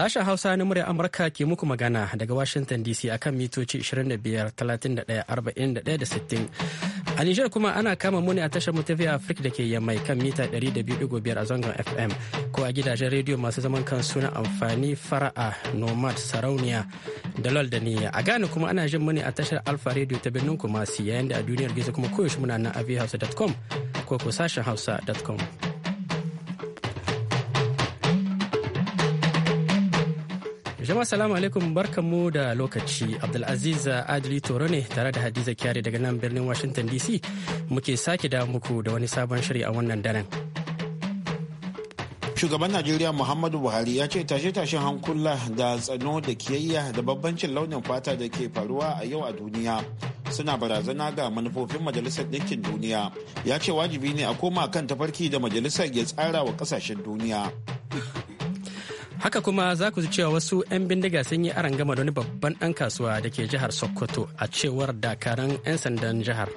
Sashen Hausa na murya Amurka ke muku magana daga Washington DC a kan mitoci 25, 31, 41 da 60. A Nijar kuma ana kama muni a tashar mu a Afirka da ke yammai kan mita 200.5 a zangon FM ko a gidajen rediyo masu zaman kansu na amfani fara'a Nomad Sarauniya da Lol da Niyya. A Ghana kuma ana jin muni a tashar Alfa Radio ta birnin Kumasi yayin da a duniyar gizo kuma koyaushe muna nan avihausa.com ko ko sashen hausa.com. Jama'a salamu alaikum barkanmu da lokaci Abdulaziz Adili Toro ne tare da Hadiza Kyari daga nan birnin Washington DC muke sake da muku da wani sabon shiri a wannan daren. Shugaban Najeriya Muhammadu Buhari ya ce tashe-tashen hankula da tsano da kiyayya da babbancin launin fata da ke faruwa a yau a duniya suna barazana ga manufofin Majalisar Ɗinkin Duniya. Ya ce wajibi ne a koma kan tafarki da Majalisar ya tsara wa ƙasashen duniya. haka kuma za ku ji cewa wasu 'yan bindiga sun yi gama da wani babban ɗan kasuwa da ke jihar sokoto a cewar dakaran 'yan sandan jihar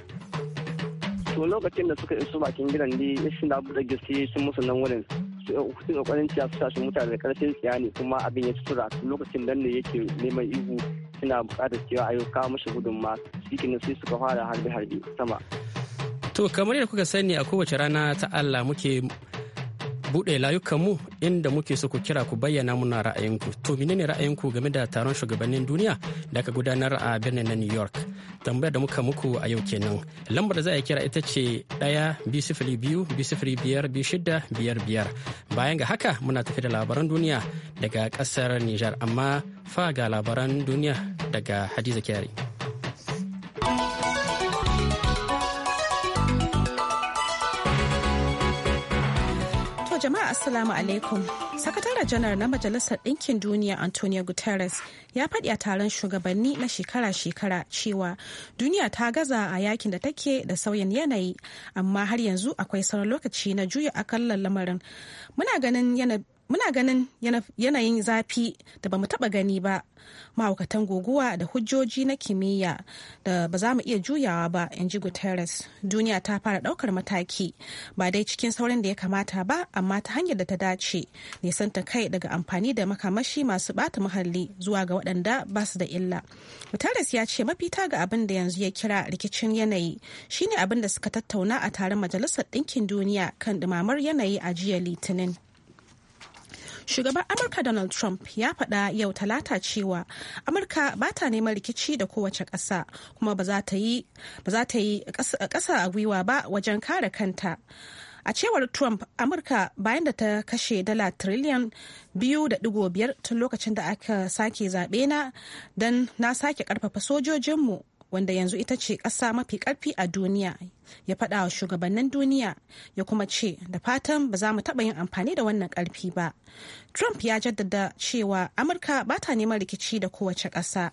to lokacin da suka iso bakin gidan ne shi na buɗe gaske sun musu nan wurin sun kokarin ciya su tashi mutane da karfin tsiya ne kuma abin ya ci tura lokacin dan ne yake neman ihu suna buƙatar cewa ayo kawo mashi gudunma cikin sai suka fara harbe-harbe sama to kamar yadda kuka sani a kowace rana ta Allah muke buɗe layukanmu inda muke so ku kira ku bayyana muna ra'ayinku. To menene ra'ayinku game da taron shugabannin duniya da aka gudanar a birnin na New York? Tambayar da muka muku a yau kenan. Lambar da za a kira ita ce ɗaya biyu sifili biyu biyu sifili biyar biyar biyar. Bayan ga haka muna tafi da labaran duniya daga ƙasar Nijar amma fa ga labaran duniya daga Hadiza Kyari. jama'a Assalamu alaikum. Sakatare janar na Majalisar Ɗinkin Duniya Antonio Guterres ya faɗi a taron shugabanni na shekara-shekara cewa duniya ta gaza a yakin da take da sauyin yanayi, amma har yanzu akwai sauran lokaci na juya akallan lamarin. Muna ganin muna ganin yanayin zafi da ba mu taba gani ba mahaukatan guguwa da hujjoji na kimiyya da ba za mu iya juyawa ba in ji guterres duniya ta fara daukar mataki ba dai cikin saurin da ya kamata ba amma ta hanyar da ta dace ta kai daga amfani da makamashi masu bata muhalli zuwa ga waɗanda ba su da illa guterres ya ce mafita ga abin da yanzu ya kira rikicin yanayi shine abin da suka tattauna a taron majalisar ɗinkin duniya kan ɗumamar yanayi a jiya litinin Shugaban Amurka Donald Trump ya faɗa yau talata cewa Amurka ba ta neman rikici da kowace ƙasa kuma ba za ta yi ƙasa a gwiwa ba wajen kare kanta. A cewar Trump, Amurka bayan da ta kashe dala triliyan biyu da ɗigo biyar tun lokacin da aka sake zaɓe na don na sake ƙarfafa sojojinmu wanda yanzu ita ce ƙasa mafi ƙarfi a duniya ya faɗa wa shugabannin duniya ya kuma ce da fatan ba za mu taɓa yin amfani da wannan ƙarfi ba trump ya jaddada cewa amurka ba ta neman rikici da kowace ƙasa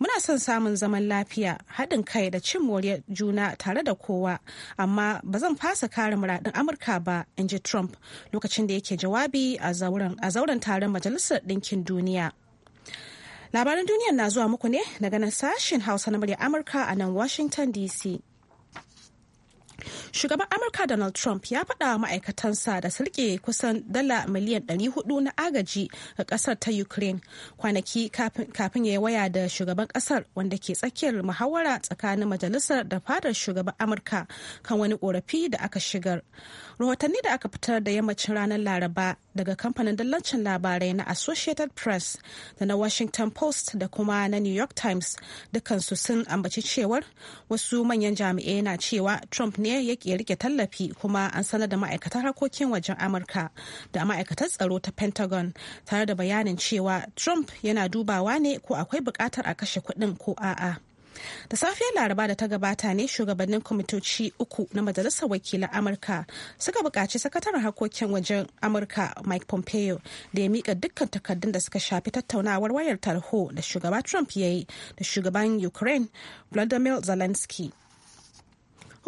muna son samun zaman lafiya haɗin kai da cin moriyar juna tare da kowa amma ba zan fasa kare muradin amurka ba in ji trump lokacin da yake jawabi a zauren taron majalisar ɗinkin duniya Labaran duniyar na zuwa muku ne daga nan sashen Hausa na murya Amurka a nan Washington DC. Shugaban Amurka Donald Trump ya faɗa ma'aikatansa da sulke kusan dala miliyan 400 na agaji ga ƙasar ta Ukraine kwanaki kafin ya yi waya da shugaban ƙasar wanda ke tsakiyar muhawara tsakanin majalisar da fadar shugaban Amurka kan wani ƙorafi da aka shigar. Rahotanni da aka fitar da yammacin ranar Laraba daga kamfanin dallacin labarai na Associated Press da na Washington Post da kuma na New York Times dukansu sun ambaci cewar wasu manyan jami'ai na cewa Trump ne ya ya rike tallafi kuma an sanar da ma'aikatar harkokin wajen amurka da ma'aikatar tsaro ta pentagon tare da bayanin cewa trump yana dubawa ne ko akwai bukatar a kashe kuɗin ko a'a. da safiyar laraba da ta gabata ne shugabannin kwamitoci uku na majalisar wakilan amurka suka buƙaci sakataren harkokin wajen amurka mike pompeo da ya miƙa dukkan takardun da suka shafi tattaunawar wayar tarho da shugaba trump ya yi da shugaban ukraine vladimir zelensky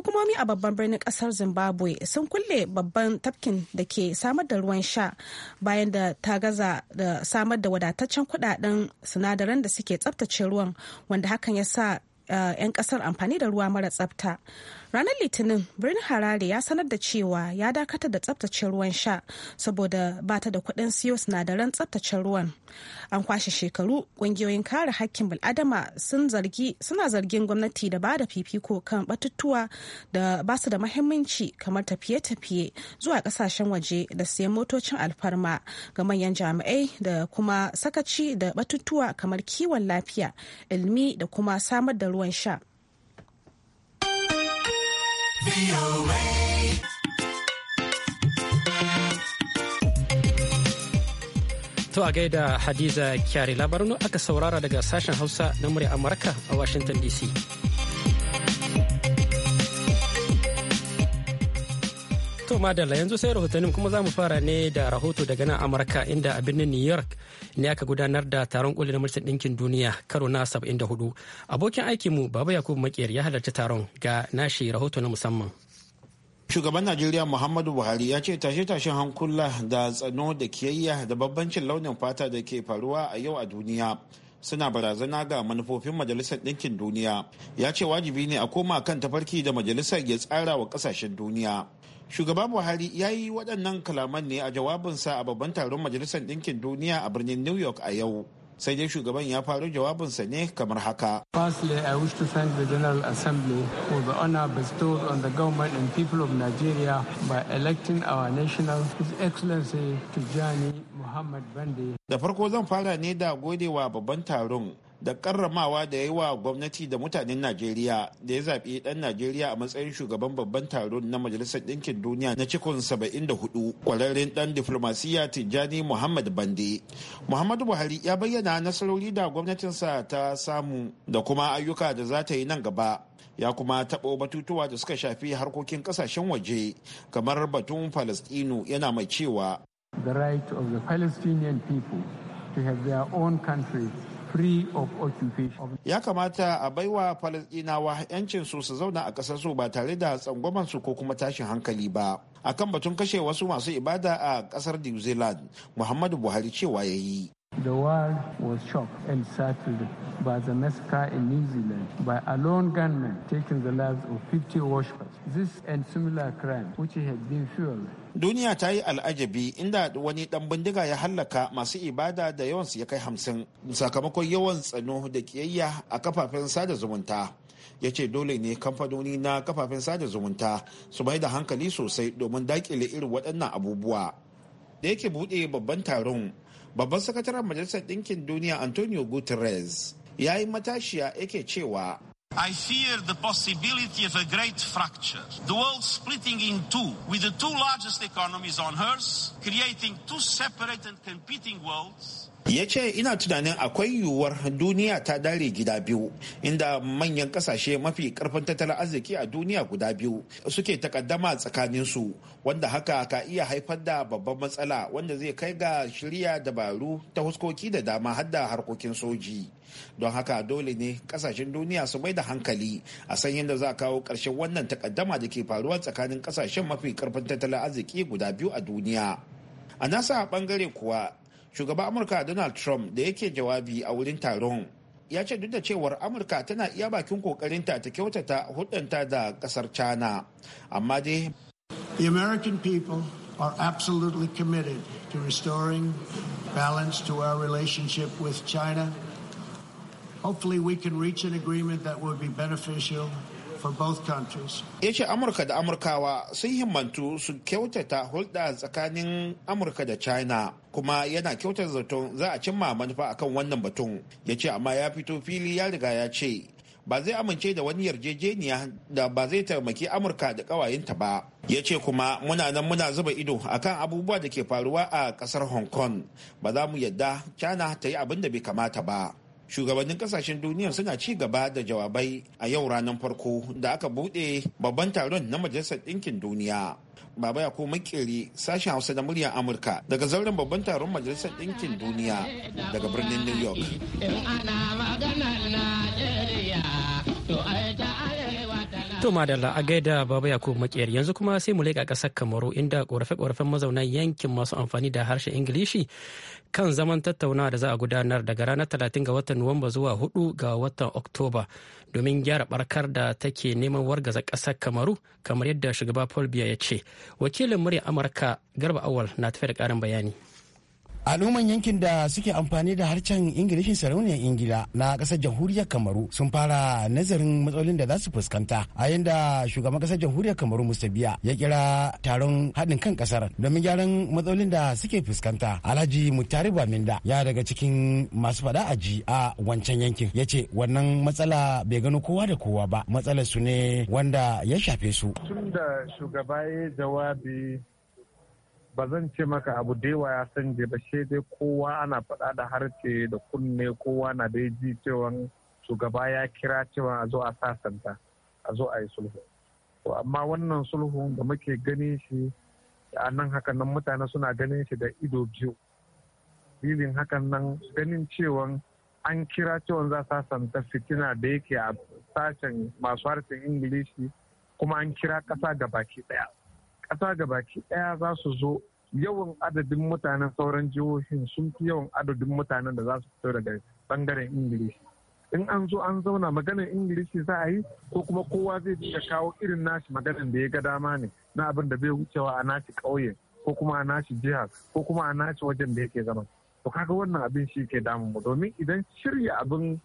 hukumomi a babban birnin kasar zimbabwe sun kulle babban tafkin da ke samar da ruwan sha bayan da ta gaza da samar da wadataccen kudaden sinadaran da suke tsabtace ruwan wanda hakan ya sa Eh, 'yan kasar amfani da ruwa mara tsafta ranar litinin birnin harare ya sanar da cewa ya dakatar da tsaftace ruwan sha saboda ba ta da kuɗin siyo sinadaran tsaftace ruwan an kwashe shekaru ƙungiyoyin kare hakkin bil'adama sun zargi suna zargin gwamnati da ba da fifiko kan batutuwa da ba su da mahimmanci kamar tafiye-tafiye zuwa ƙasashen waje da siyan motocin alfarma ga manyan jami'ai da kuma sakaci da batutuwa kamar kiwon lafiya ilmi da kuma samar da ruwa ruwan sha. To a gaida Hadiza Kyari labarin aka saurara daga sashen Hausa na murya Amurka a Washington DC. To madalla yanzu sai rahotannin kuma za mu fara ne da rahoto daga nan Amurka inda a birnin New York ne aka gudanar da taron koli na Majalisar Ɗinkin Duniya karo na 74. Abokin mu Baba yakub Makiyar ya halarci taron ga nashi rahoto na musamman. shugaban najeriya muhammadu buhari ya ce tashe-tashen hankula da tsano da kiyayya da babbancin launin fata da ke faruwa a yau a duniya suna barazana ga manufofin majalisar ɗinkin duniya ya ce wajibi ne a koma kan tafarki da majalisar ya tsara wa ƙasashen duniya shugaba buhari ya yi waɗannan kalaman ne a jawabinsa a babban taron majalisar ɗinkin duniya a birnin new york a yau sai dai shugaban ya faro jawabinsa ne kamar haka. Firstly, I wish to thank the General Assembly for the honor bestowed on the government and people of Nigeria by electing our national His Excellency tijjani Muhammad Bande. Da farko zan fara ne da godewa babban taron da karramawa da ya yi wa gwamnati da mutanen najeriya da ya zaɓi ɗan najeriya a matsayin shugaban babban taro na majalisar ɗinkin duniya na cikin 74 kwararren ɗan diflomasiyya tijjani muhammad bande muhammadu buhari ya bayyana nasarori da gwamnatinsa ta samu da kuma ayyuka da za ta yi nan gaba ya kuma taɓo batutuwa da suka shafi harkokin ƙasashen waje kamar batun falastinu yana mai cewa the right of the palestinian people to have their own countries free of occupation. Ya kamata a baiwa Falasɗinawa 'yancin su su zauna a ƙasar su ba tare da tsangwaman su ko kuma tashin hankali ba. Akan batun kashe wasu masu ibada a ƙasar New Zealand, Muhammadu Buhari cewa ya yi. The world was shocked and startled by the massacre in New Zealand by a lone gunman taking the lives of 50 worshippers. This and similar crime, which had been fueled duniya ta yi al'ajabi inda wani dan bindiga ya hallaka masu ibada da yawansu ya kai hamsin sakamakon yawan tsano da kiyayya a kafafen sada zumunta ya ce dole ne kamfanoni na kafafen sada zumunta su mai da hankali sosai domin dakile irin waɗannan abubuwa da yake buɗe babban taron babban sakataren majalisar ɗinkin duniya antonio guterres ya yi matashiya yake cewa I fear the possibility of a great fracture. The world splitting in two, with the two largest economies on earth, creating two separate and competing worlds. ya ce ina tunanin akwai yiwuwar duniya ta dare gida biyu inda manyan kasashe mafi karfin tattalin arziki a duniya guda biyu suke takaddama tsakaninsu wanda haka ka iya haifar da babban matsala wanda zai kai ga shirya dabaru ta huskoki da dama har da harkokin soji don haka dole ne kasashen duniya su mai da hankali a san yadda za a kawo ƙarshen wannan takaddama da ke faruwa tsakanin kasashen mafi karfin tattalin arziki guda biyu a duniya a nasa bangare kuwa shugaban amurka donald trump da yake jawabi a wurin taron ya ce duk da cewar amurka tana iya bakin kokarinta ta kyautata hudanta da kasar china amma dai the american people are absolutely committed to restoring balance to our relationship with china Hopefully we can reach an agreement that will be beneficial for both countries. yace Amurka da Amurkawa sun himmantu su kyautata hulɗa tsakanin Amurka da China kuma yana kyautar zaton za a cimma manufa akan wannan batun. yace amma ya fito fili ya riga ya ce ba zai amince da wani yarjejeniya da ba zai taimaki Amurka da ƙawayenta ba. yace kuma muna nan muna zuba ido akan abubuwa da ke faruwa a ƙasar Hong Kong ba za mu yadda China ta yi abin da bai kamata ba. shugabannin kasashen duniya suna ci gaba da jawabai a yau ranar farko da aka bude babban taron na majalisar ɗinkin duniya baba ya kuma makeri sashen hausa da muryar amurka daga zauren babban taron majalisar ɗinkin duniya daga birnin new york To madalla a gaida baba Yakubu makiyar yanzu kuma sai mu leƙa ƙasar Kamaru inda ƙorafe-ƙorafen mazaunan yankin masu amfani da harshen Ingilishi kan zaman tattaunawa da za a gudanar daga ranar 30 ga watan Nuwamba zuwa 4 ga watan Oktoba domin gyara barkar da take neman wargaza ƙasar Kamaru kamar yadda shugaba Paul Biya ya ce. Wakilin murya Amurka Garba Awal na tafiya da ƙarin bayani. al'umman yankin da suke amfani da harshen ingilishin sarauniyar ingila na kasar jamhuriyar kamaru sun fara nazarin matsalolin da za su fuskanta a yadda shugaban kasar jamhuriyar kamaru mustabiya ya kira taron haɗin kan kasar domin gyaran matsalolin da suke fuskanta alhaji mutari baminda ya daga cikin masu faɗa aji a wancan yankin ya ce wannan matsala bai gano kowa da kowa ba matsalar su ne wanda ya shafe su tun da shugaba ya jawabi ba zan ce maka abu dewa ya san je ba shi dai kowa ana faɗa da harshe da kunne kowa na dai ji cewa shugaba ya kira cewa a zo a sasanta a zo a yi sulhu to amma wannan sulhu da muke gani shi a nan hakan nan mutane suna ganin shi da ido biyu dalilin hakan nan ganin cewa an kira cewa za sasanta fitina da yake a sashen masu harshen ingilishi kuma an kira kasa ga baki ɗaya kasa ga baki ɗaya za su zo yawan adadin mutanen sauran jihohin sun fi yawan adadin mutanen da za su fito daga bangaren ingilishi in an zo an zauna maganar ingilishi za a yi ko kuma kowa zai dinga kawo irin nashi maganar da ya ga dama ne na abin da bai wucewa a nashi ƙauye ko kuma a nashi jiha ko kuma a nashi wajen da yake zama to kaga wannan abin shi ke damun mu domin idan shirya abin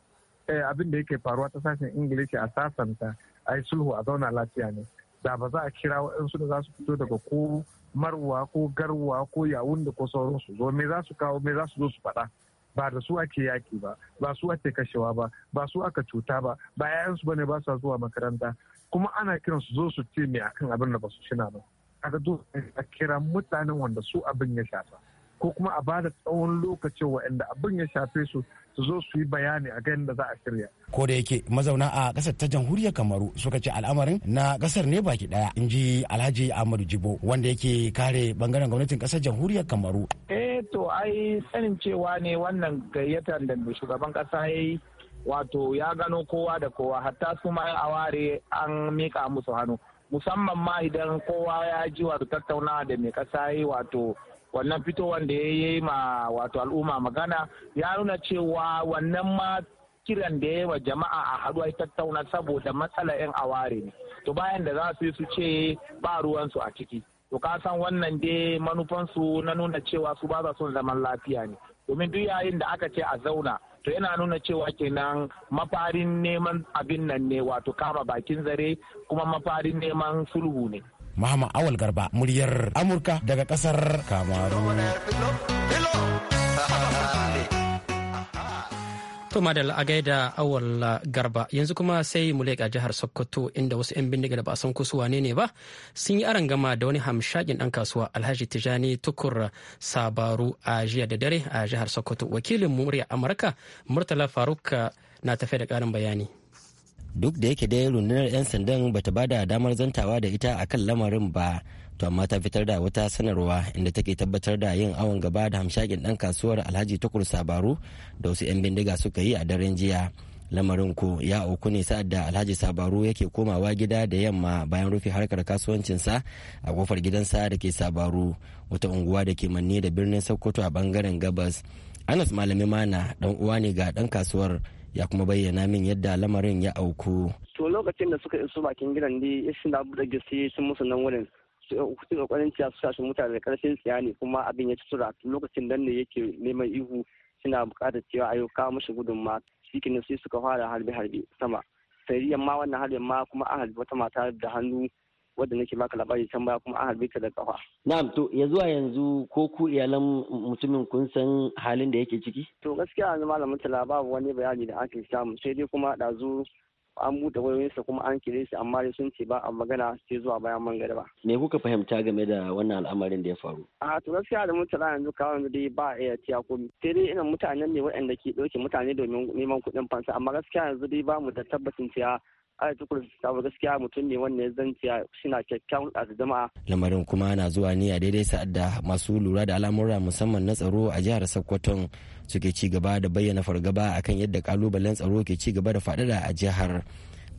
eh, abin da yake faruwa ta sashen ingilishi a sasanta a yi sulhu a zauna lafiya ne da ba za a kira waɗansu da za su fito daga ko marwa ko garwa ko yawun da ko sauransu zo me za su kawo me za su zo su faɗa ba da su ake yaƙi ba ba su ake kashewa ba ba su aka cuta ba ba yayansu bane ba sa zuwa makaranta kuma ana kiran su zo su ce me akan abin da ba su shina ba kaga dole a kira mutanen wanda su abin ya shafa ko kuma a ba da tsawon lokacin waɗanda abin ya shafe su su zo su yi bayani a kan da za a shirya. Ko da yake mazauna a ƙasar ta jamhuriyar Kamaru suka ce al'amarin na ƙasar ne baki ɗaya in ji Alhaji Ahmadu Jibo wanda yake kare bangaren gwamnatin ƙasar jamhuriyar Kamaru. Eh to ai sanin cewa ne wannan gayyatar da shugaban ƙasa ya yi wato ya gano kowa da kowa hatta su ma a an miƙa musu hannu musamman ma idan kowa ya ji wato tattaunawa da mai ƙasa yi wato wannan fitowan da ya yi ma wato al'umma magana ya nuna cewa wannan ma kiran da ya yi wa jama'a a haɗu tattauna saboda matsala 'yan aware ne to bayan da za su yi su ce ba ruwansu a ciki to ka san wannan da manufansu na nuna cewa su ba za su zaman lafiya ne domin duk yayin da aka ce a zauna to yana nuna cewa kenan mafarin neman abin nan ne wato kama bakin zare kuma mafarin neman sulhu ne Muhammad Awal Garba muryar Amurka daga kasar Kamaru. To da a gaida awal garba yanzu kuma sai mu leƙa jihar Sokoto inda wasu 'yan bindiga da ba san kusuwa ne ba sun yi gama da wani hamshakin ɗan kasuwa Alhaji Tijani Tukur Sabaru a jiya da dare a jihar Sokoto. Wakilin murya Amurka Murtala Faruk na tafe da ƙarin bayani. duk da yake dai rundunar 'yan sandan bata ba da damar zantawa da ita akan lamarin ba to amma ta fitar da wata sanarwa inda take tabbatar da yin awon gaba da hamshakin dan kasuwar alhaji tukur sabaru da wasu 'yan bindiga suka yi a daren jiya lamarin ko ya auku ne sa'ad da alhaji sabaru yake komawa gida da yamma bayan rufe harkar kasuwancinsa a kofar gidansa da ke sabaru wata unguwa da ke manne da birnin sokoto a bangaren gabas anas malami mana dan uwa ne ga dan kasuwar ya kuma bayyana min yadda lamarin ya auku. To lokacin da suka iso bakin gidan ne shi na buɗe gasi sun musu nan wurin sun kwanin cewa su shi mutane da karshen tsiya ne kuma abin ya ci tura lokacin dan ne yake neman ihu suna bukatar cewa ayo kawo mashi gudunma shi sai suka fara harbe-harbe sama. Sai ma wannan harbe ma kuma an harbi wata mata da hannu wadda nake maka labari can baya kuma an harbe ka da kafa. Na'am to ya zuwa yanzu ko ku iyalan mutumin kun san halin da yake ciki? To gaskiya yanzu malam mutala babu wani bayani da ake samu sai dai kuma ɗazu an buɗe wayoyinsa kuma an kire shi amma dai sun ce ba a magana sai zuwa bayan mangariba. Me kuka fahimta game da wannan al'amarin da ya faru? A to gaskiya da mutala, yanzu kawo yanzu dai ba a iya tiya komi. Sai dai ina mutanen ne waɗanda ke ɗauke mutane domin neman kuɗin fansa amma gaskiya yanzu dai ba mu da tabbacin cewa a tukur sabu gaskiya mutum ne wannan zanciya suna kyakkyawan da jama'a. lamarin kuma na zuwa ni a daidai sa'ad da masu lura da al'amura musamman na tsaro a jihar sokoton suke ci gaba da bayyana fargaba akan yadda kalubalen tsaro ke ci gaba da faɗaɗa a jihar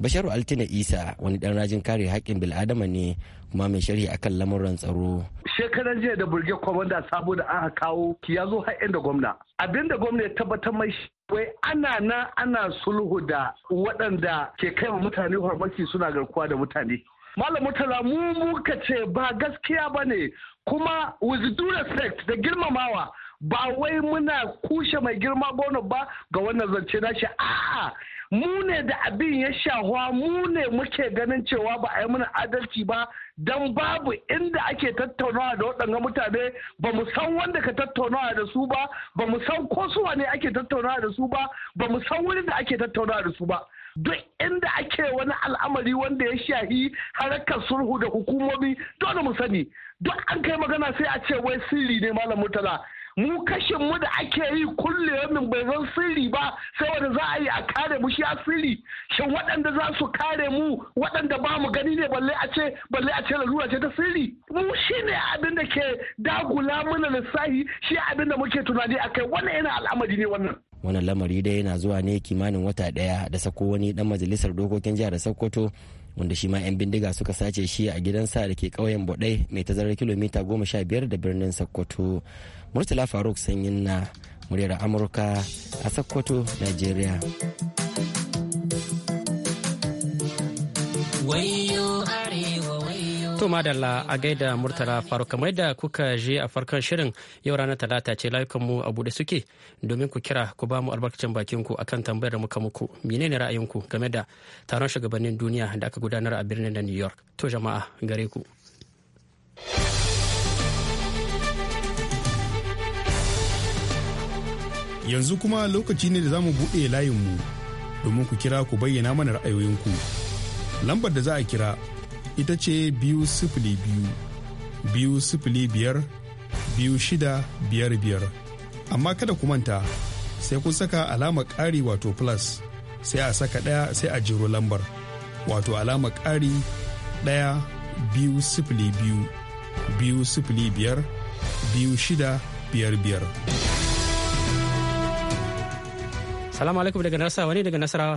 basharu altina isa wani dan rajin kare haƙƙin bil'adama ne kuma mai sharhi akan lamuran tsaro shekaran jiya da burge kwamanda sabo da aka kawo ya zo har da gwamna abinda gwamna ya tabbatar mai wai ana nan ana sulhu da waɗanda ke kai wa mutane farmaki suna garkuwa da mutane Malam Murtala mu muka ce ba gaskiya ba ne kuma with due respect da girmamawa ba wai muna kushe mai girma gona ba ga wannan zance nashi a'a mu ne da abin ya shahwa mu ne muke ganin cewa ba a yi mana adalci ba don babu inda ake tattaunawa da waɗannan mutane ba mu san wanda ka tattaunawa da su ba ba mu san ko su ne ake tattaunawa da su ba ba mu san wurin da ake tattaunawa da su ba duk inda ake wani al'amari wanda ya shahi harkar sulhu da hukumomi dole mu sani duk an kai magana sai a ce wai sirri ne malam murtala mu kashin mu da ake yi kulle yamin bai zan sirri ba saboda za a yi a kare mu shi a sirri shin waɗanda za su kare mu waɗanda ba mu gani ne balle a ce balle a ce lalura ce ta sirri mu shi ne abin da ke dagula mana lissahi shi abin da muke tunani a kai wannan yana al'amari ne wannan wannan lamari dai yana zuwa ne kimanin wata ɗaya da sako wani dan majalisar dokokin jihar sokoto wanda shi ma 'yan bindiga suka sace shi a gidansa da ke ƙauyen bodai mai tazarar kilomita goma sha biyar da birnin Sokoto. Murtala Faruk Sanyin na muryar Amurka a Sokoto, nigeria. To madalla a gaida Murtala faru kamar da kuka je a farkon shirin yau ranar talata ce layukanmu a buɗe suke domin ku kira ku ba mu albarkacin bakin ku akan tambayar da muka muku menene ra'ayinku game da taron shugabannin duniya da aka gudanar a birnin da New York. To jama'a gare ku. Yanzu kuma lokaci ne da zamu mu buɗe layinmu domin ku kira ku bayyana mana ra'ayoyinku. Lambar da za a kira ita ce biyu sifili biyu biyu sifili biyar biyu shida biyar biyar amma kada ku manta sai kun saka alama ƙari wato plus sai a saka ɗaya sai a jiro lambar wato alama ƙari ɗaya biyu sifili biyu biyu sifili biyar biyu shida biyar biyar. Salamu alaikum daga Nasarawa ne daga Nasarawa.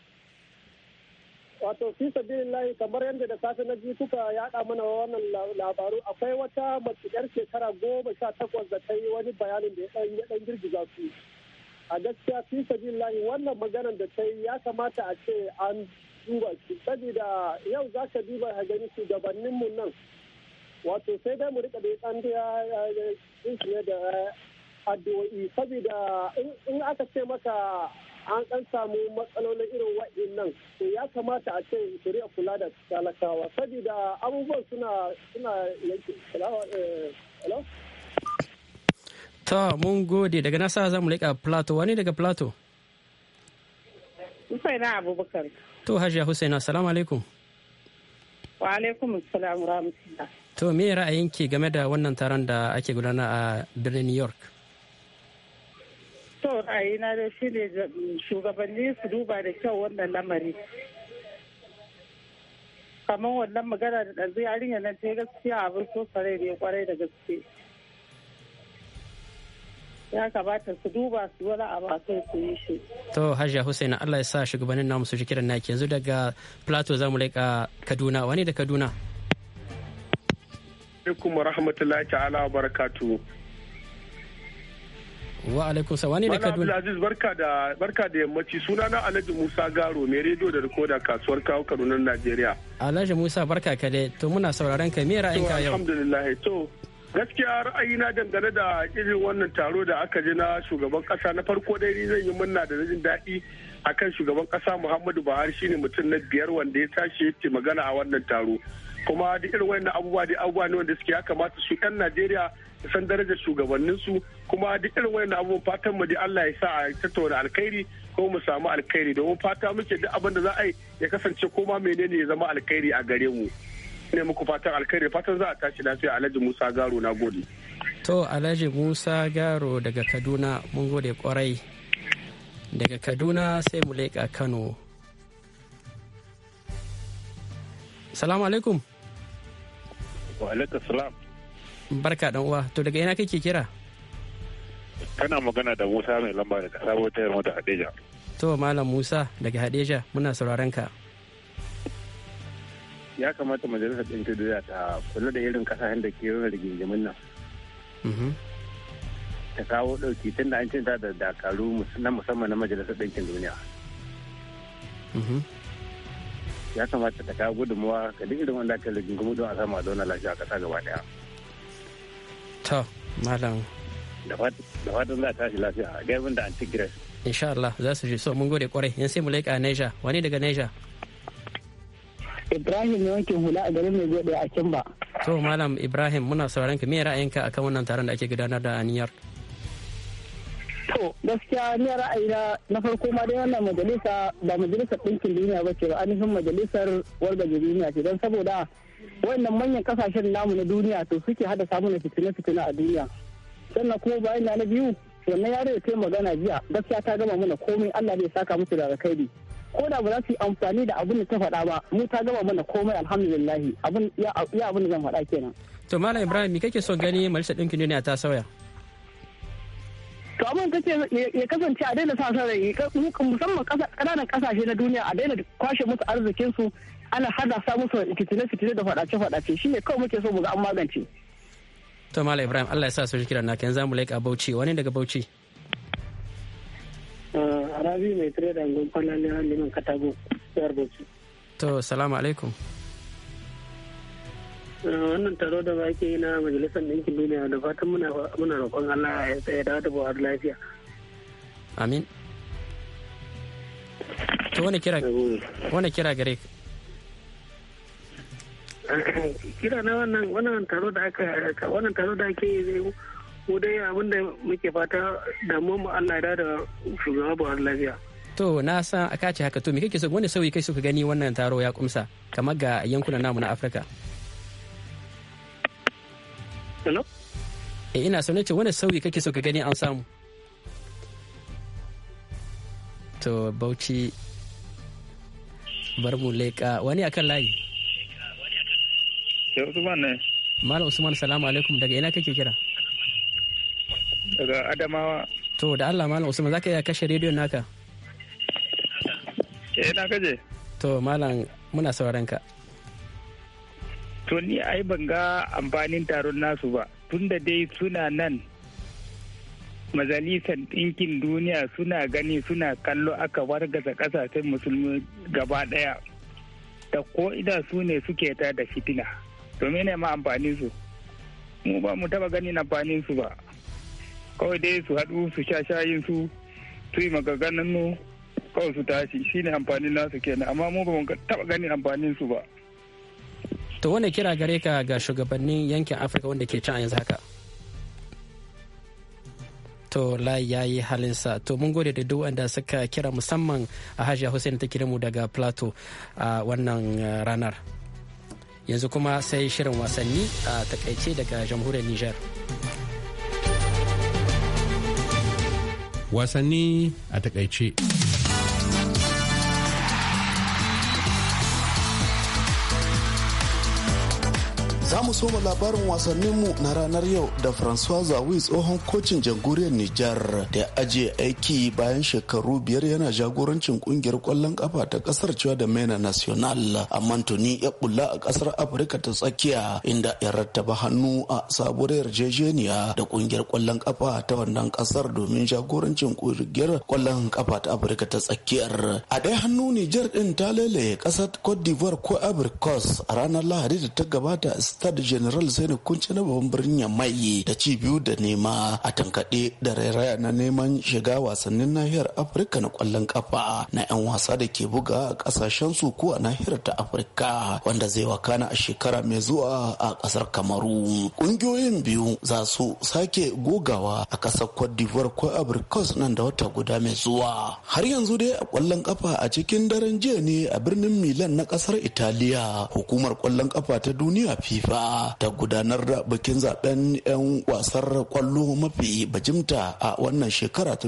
wato fi layi kamar yadda da safe na ji kuka yada mana wannan labaru akwai wata mace yar shekara goma sha takwas da ta yi wani bayanin da ya dan girgiza su a gaskiya fi layi wannan maganar da ta yi ya kamata a ce an duba shi saboda yau za ka duba a gani mu nan wato sai dai mu rika da yi da addu'o'i saboda in aka ce maka an ɗan samu matsalolin irin wa'in to ya kamata a ce shari'a kula da talakawa saboda abubuwan suna suna yanke eh, ta mun gode daga nasa za mu leƙa plato wani daga plato Husaina Abubakar. To Hajiya Husaina, assalamu alaikum. Wa alaikum salam rahmatullah. To me ra'ayinki game da wannan taron da ake gudana a birnin New York? to ra'ayina da shi ne shugabanni su duba da kyau wannan lamari kamar wannan magana da ɗanzu yarinya nan ta gaskiya abin so sarai ne kwarai da gaske ya kamata su duba su wani abu a kai su yi shi. To Hajiya Hussein Allah ya sa shugabannin namu su shi kiran naki yanzu daga Plateau za mu leƙa Kaduna wani da Kaduna. Alaikum wa rahmatullahi ta'ala wa barakatuhu. wa alaikun sa wani ne kaduna Abdulaziz barka da barka da yammaci sunana Alhaji Musa Garo mai rediyo da rikoda kasuwar kawo Kaduna Najeriya Alhaji Musa barka ka dai to muna sauraron ka me ra'ayinka yau alhamdulillah to gaskiya ra'ayi na dangane da irin wannan taro da aka ji na shugaban kasa na farko dai ni zan yi murna da jin daɗi akan shugaban kasa Muhammadu Buhari shine mutum na biyar wanda ya tashi ya magana a wannan taro kuma da irin wayannan abubuwa da abubuwa ne wanda suke ya kamata su yan Najeriya da san darajar shugabanninsu kuma da irin na abubuwan fatan mu da Allah ya sa a tattauna alkhairi ko mu samu alkhairi domin fata muke duk abin da za a yi ya kasance koma menene ya zama alkhairi a gare mu ne muku fatan alkhairi fatan za a tashi lafiya Alhaji Musa Garo na gode to Alhaji Musa Garo daga Kaduna mun gode kwarai daga Kaduna sai mu leƙa Kano Salamu alaikum. Wa salam. Barka dan uwa. To daga ina kake kira? Kana magana da Musa mai lamba daga sabo ta yarmu da Hadeja. To Malam Musa daga Hadeja muna sauraron ka. Ya kamata majalisar ɗinkin duniya ta kula da irin kasashen da ke yawan rigingimin nan. Mhm. Ta kawo ɗauki tun da an cinta da dakaru na musamman na majalisar ɗinkin duniya. Mhm. ya kamata ta kawo gudunmuwa ga duk irin wanda aka lajin gumu don a samu a zauna lafiya a ƙasa gaba ɗaya. To, malam. Da fatan za a tashi lafiya a gaibin da anti grace. Insha Allah za su ji so mun gode kwarai yan sai mu leƙa Neja wani daga Neja. Ibrahim ya wanke hula a garin Nijar a Kimba. To Malam Ibrahim muna sauran ka me ra'ayinka akan wannan taron da ake gudanar da aniyar? gaskiya ni ra'ayina na farko ma dai wannan majalisa ba majalisar ɗinkin duniya ba ce ba ainihin majalisar wargaje duniya ce don saboda wannan manyan kasashen namu na duniya to suke samu samun fitina-fitina a duniya sannan kuma bayan na biyu wannan yaro ya magana jiya gaskiya ta gama mana komai Allah zai saka musu da alkhairi ko da ba za su yi amfani da abin da ta faɗa ba mu ta gama mana komai alhamdulillah abin ya abin da zan faɗa kenan to malam ibrahim kake son gani majalisar ɗinkin duniya ta sauya to abin ta ce ya kasance a daina sa rai musamman kananan kasashe na duniya a daina kwashe musu arzikinsu ana hada sa musu fitine-fitine da fadace faɗace shine kawai muke so mu ga an magance. to malam ibrahim allah ya sa su kiran na kan zamu laika bauchi wani daga bauchi. arabi eh, mai tire da angon kwanan ne hannun katago jihar bauchi. to salamu alaikum. Eh, wannan taro da ba ke na majalisar ɗinkin duniya da fatan muna roƙon Allah ya tsaya da wata buhari lafiya amin to wani kira wani kira gare ka eh, kira na wannan wannan taro da aka wannan taro da ake yi ko dai abin da muke fata da mu Allah ya da shugaba buhari lafiya to na san aka ce haka to me kake so wani sauyi kai suka gani wannan taro ya kumsa kamar ga yankunan namu na Afirka Eh ina so ce wani sauyi kake so ka gani an samu. To Bauchi bar mu leƙa wani akan layi. Ke Usman ne. Malam Usman salamu alaikum daga ina kake kira? Daga Adamawa. To da Allah Malam Usman zaka iya kashe rediyon naka? Ke eh, ina kaje. To Malam muna sauran ka. to ni ai ban ga amfanin taron nasu ba tunda dai suna nan majalisar ɗinkin duniya suna gani suna kallo aka wargaza ƙasashen musulmi gaba ɗaya da ko ina su ne suke ta da fitina domin ne ma amfanin su mu ba mu taba ganin amfanin su ba kawai dai su haɗu su sha shayin su su yi magaganin mu kawai su tashi shine amfanin nasu kenan amma mu ba mu taba ganin amfanin su ba to wanda kira gare ka ga shugabannin yankin afirka wanda ke can yanzu haka to layi ya yi halinsa to mun gode da duk wanda suka kira musamman a hajiya hussein ta kira mu daga plateau a wannan eh, ranar yanzu kuma sai shirin wasanni a takaice daga jamhuriyar niger wasanni a takaice mu soma labarin wasanninmu na ranar yau da Francois Zawi tsohon kocin jamhuriyar Nijar da ajiye aiki bayan shekaru biyar yana jagorancin kungiyar kwallon kafa ta kasar cewa da Mena National a Mantoni ya bulla a kasar Afirka ta tsakiya inda ya rattaba hannu a sabuwar yarjejeniya da kungiyar kwallon kafa ta wannan kasar domin jagorancin kungiyar kwallon kafa ta Afirka ta tsakiyar. A ɗaya hannu Nijar din ta lele kasar Cote d'Ivoire ko Ivory a ranar Lahadi da ta gabata a Stade general zainab kunce na babban birnin ya yamai da ci biyu da nema a tankaɗe da rairaya na neman shiga wasannin nahiyar afirka na kwallon kafa na 'yan wasa da ke buga a kasashen su ko a nahiyar ta afirka wanda zai wakana a shekara mai zuwa a kasar kamaru ƙungiyoyin biyu za su sake gogawa a kasar cote d'ivoire ko abricos nan da wata guda mai zuwa har yanzu dai a kwallon kafa a cikin daren jiya ne a birnin milan na ƙasar italiya hukumar kwallon kafa ta duniya fifa juma'a ta gudanar da bikin zaben 'yan wasar kwallo mafi bajimta a wannan shekara ta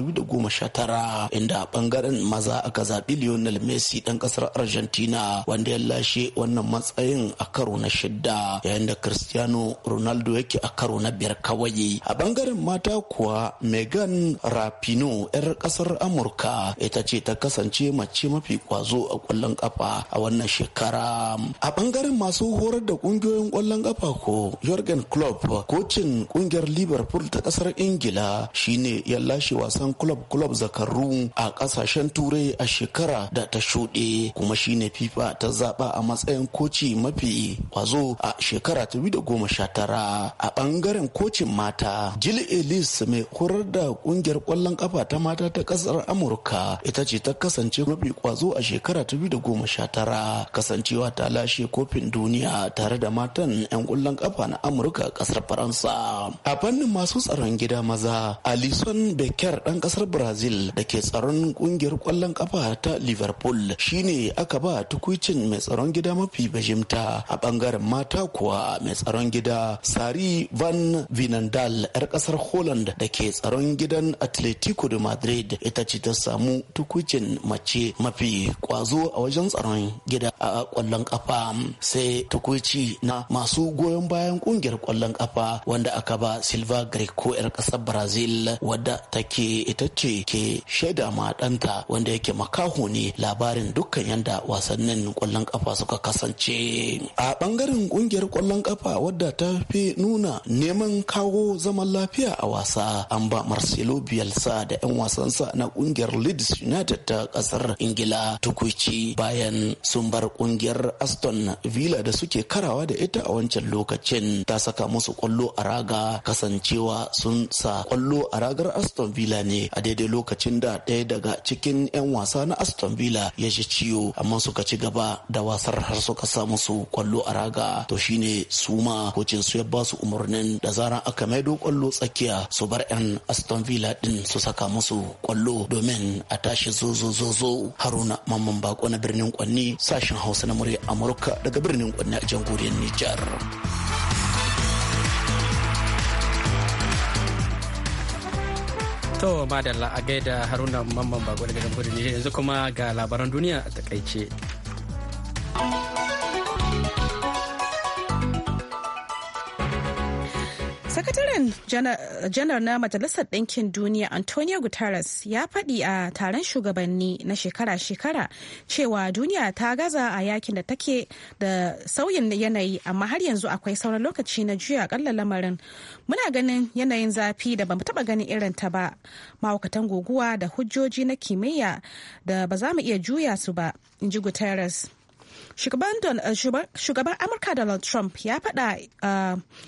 tara, inda bangaren maza aka zaɓi lionel messi ɗan ƙasar argentina wanda ya lashe wannan matsayin a karo na shidda yayin da cristiano ronaldo yake a karo na biyar kawai a bangaren mata kuwa megan rapino 'yar ƙasar amurka ita ce ta kasance mace mafi kwazo a kwallon kafa a wannan shekara a bangaren masu horar da ƙungiyoyin kwallon ƙafa. kafa ko Jurgen Klopp kocin kungiyar Liverpool ta kasar Ingila shine ya lashe wasan club club zakaru a kasashen turai a shekara da ta shuɗe kuma shine FIFA ta zaba a matsayin koci mafi kwazo a shekara ta goma sha tara a bangaren kocin mata Jill Ellis mai horar da kungiyar kwallon kafa ta mata ta kasar Amurka ita ce ta kasance mafi kwazo a shekara ta goma sha tara kasancewa ta lashe kofin duniya tare da matan 'yan 'yan ƙwallon kafa na Amurka ƙasar Faransa. A fannin masu tsaron gida maza, Alison Becker dan kasar Brazil da ke tsaron kungiyar kwallon kafa ta Liverpool shine aka ba tukucin mai tsaron gida mafi bajimta a ɓangaren mata kuwa mai tsaron gida Sari Van Vinandal 'yar kasar Holland da ke tsaron gidan Atletico de Madrid ita ce ta samu tukucin mace mafi kwazo a wajen tsaron gida a kwallon kafa sai tukuci na masu su goyon bayan kungiyar kwallon kafa wanda aka ba silva greco yar kasar brazil wadda take ita ce ke shaida ma ɗanta wanda yake makaho ne labarin dukkan yanda wasannin kwallon kafa suka kasance a bangaren kungiyar kwallon kafa wadda ta fi nuna neman kawo zaman lafiya a wasa an ba marcelo bielsa da 'yan wasansa na kungiyar leeds united ta kasar ingila tukuci bayan sun bar kungiyar aston villa da suke karawa da ita a wancan wancan lokacin ta saka musu kwallo a raga kasancewa sun sa kwallo a ragar Aston Villa ne a daidai lokacin da ɗaya daga cikin 'yan wasa na Aston Villa ya shi ciwo amma suka ci gaba da wasar har suka sa musu kwallo a raga to shine su ma kocin su ya basu umarnin da zaran aka maido kwallo tsakiya su bar 'yan Aston Villa din su saka musu kwallo domin a tashi zozo-zozo haruna mamman bako na birnin kwanni sashen hausa na murya amurka daga birnin kwanni a jamhuriyar Nijar. To madalla a gaida haruna mamman bako daga jamhuriyar yanzu kuma ga labaran duniya a takaice. Sakataren janar na Majalisar Ɗinkin Duniya Antonio Guterres ya faɗi a taron shugabanni na shekara-shekara cewa duniya ta gaza a yakin da take da sauyin yanayi amma har yanzu akwai sauran lokaci na juya akalla lamarin. Muna ganin yanayin zafi da bamu taɓa ganin irin ta ba, mahaukatan guguwa da hujjoji na kimiyya da ba za mu iya juya su ba, in ji Guterres. Eh, shugaban Amurka Donald Trump ya faɗa eh,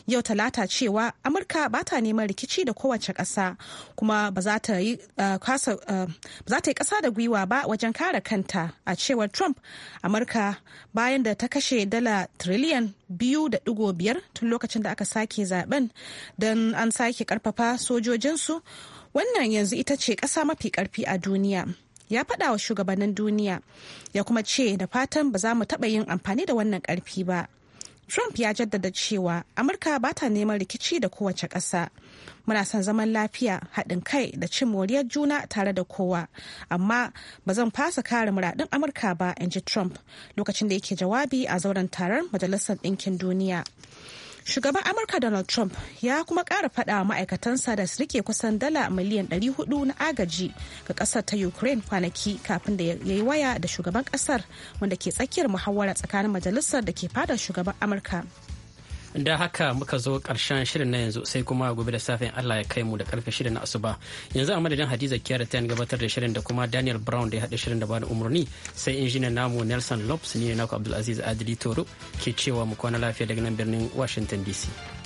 yau talata cewa Amurka ba ta neman rikici da kowace ƙasa kuma eh, ba za ta yi ƙasa da gwiwa ba wajen kare kanta a cewar Trump Amurka bayan da ta kashe dala triliyan biyu da digo biyar tun lokacin da aka sake zaben don an sake karfafa sojojinsu wannan yanzu ita ce ƙasa mafi ƙarfi a duniya. ya faɗa wa shugabannin duniya ya kuma ce da fatan ba za mu taɓa yin amfani da wannan ƙarfi ba trump ya jaddada cewa amurka ba ta neman rikici da kowace ƙasa muna son zaman lafiya haɗin kai da cin moriyar juna tare da kowa amma ba zan fasa kare muradin amurka ba in ji trump lokacin da yake jawabi a zauren taron majalisar ɗinkin duniya Shugaban Amurka Donald Trump ya kuma ƙara faɗa ma'aikatansa da su rike kusan dala miliyan 400 na agaji ga ƙasar ta Ukraine kwanaki kafin da ya yi waya da shugaban ƙasar wanda ke tsakiyar muhawara tsakanin majalisar da ke fadar shugaban Amurka. da haka muka zo karshen shirin na yanzu sai kuma gobe da safin allah ya kai mu da karfe shirin na asuba yanzu a madadin hadiza Kiyara ta gabatar da shirin da kuma daniel brown da ya haɗa shirin da bada umarni sai injiniyan namu nelson lopes ne naku abdulaziz adili toro ke cewa mu kwana lafiya daga nan birnin washington dc